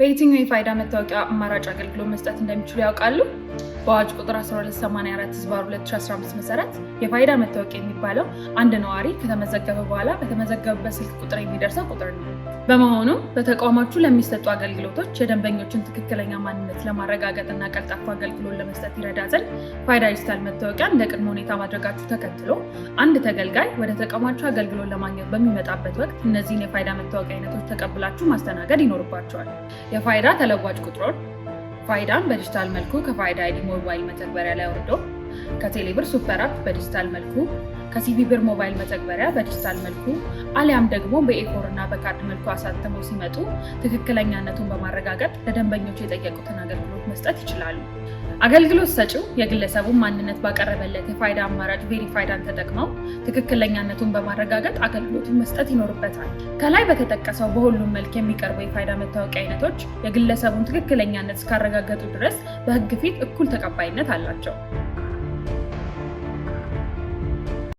በየትኛው የፋይዳ መታወቂያ አማራጭ አገልግሎት መስጠት እንደሚችሉ ያውቃሉ? በአዋጅ ቁጥር 1284 ህዝባር 2015 መሰረት የፋይዳ መታወቂያ የሚባለው አንድ ነዋሪ ከተመዘገበ በኋላ በተመዘገበበት ስልክ ቁጥር የሚደርሰው ቁጥር ነው። በመሆኑም በተቋማቹ ለሚሰጡ አገልግሎቶች የደንበኞችን ትክክለኛ ማንነት ለማረጋገጥና ቀልጣፋ አገልግሎት ለመስጠት ይረዳ ዘንድ ፋይዳ ዲጂታል መታወቂያ እንደ ቅድመ ሁኔታ ማድረጋችሁ ተከትሎ አንድ ተገልጋይ ወደ ተቋማቹ አገልግሎት ለማግኘት በሚመጣበት ወቅት እነዚህን የፋይዳ መታወቂያ አይነቶች ተቀብላችሁ ማስተናገድ ይኖርባቸዋል። የፋይዳ ተለዋጭ ቁጥሮች ፋይዳን በዲጂታል መልኩ ከፋይዳ አይዲ ሞባይል መተግበሪያ ላይ ወርዶ ከቴሌብር ሱፐር አፕ በዲጂታል መልኩ ከሲቪ ብር ሞባይል መተግበሪያ በዲጂታል መልኩ አሊያም ደግሞ በኤኮር እና በካርድ መልኩ አሳትመው ሲመጡ ትክክለኛነቱን በማረጋገጥ ለደንበኞች የጠየቁትን አገልግሎት መስጠት ይችላሉ። አገልግሎት ሰጪው የግለሰቡን ማንነት ባቀረበለት የፋይዳ አማራጭ ቬሪፋይዳን ተጠቅመው ትክክለኛነቱን በማረጋገጥ አገልግሎቱን መስጠት ይኖርበታል። ከላይ በተጠቀሰው በሁሉም መልክ የሚቀርቡ የፋይዳ መታወቂያ አይነቶች የግለሰቡን ትክክለኛነት እስካረጋገጡ ድረስ በሕግ ፊት እኩል ተቀባይነት አላቸው።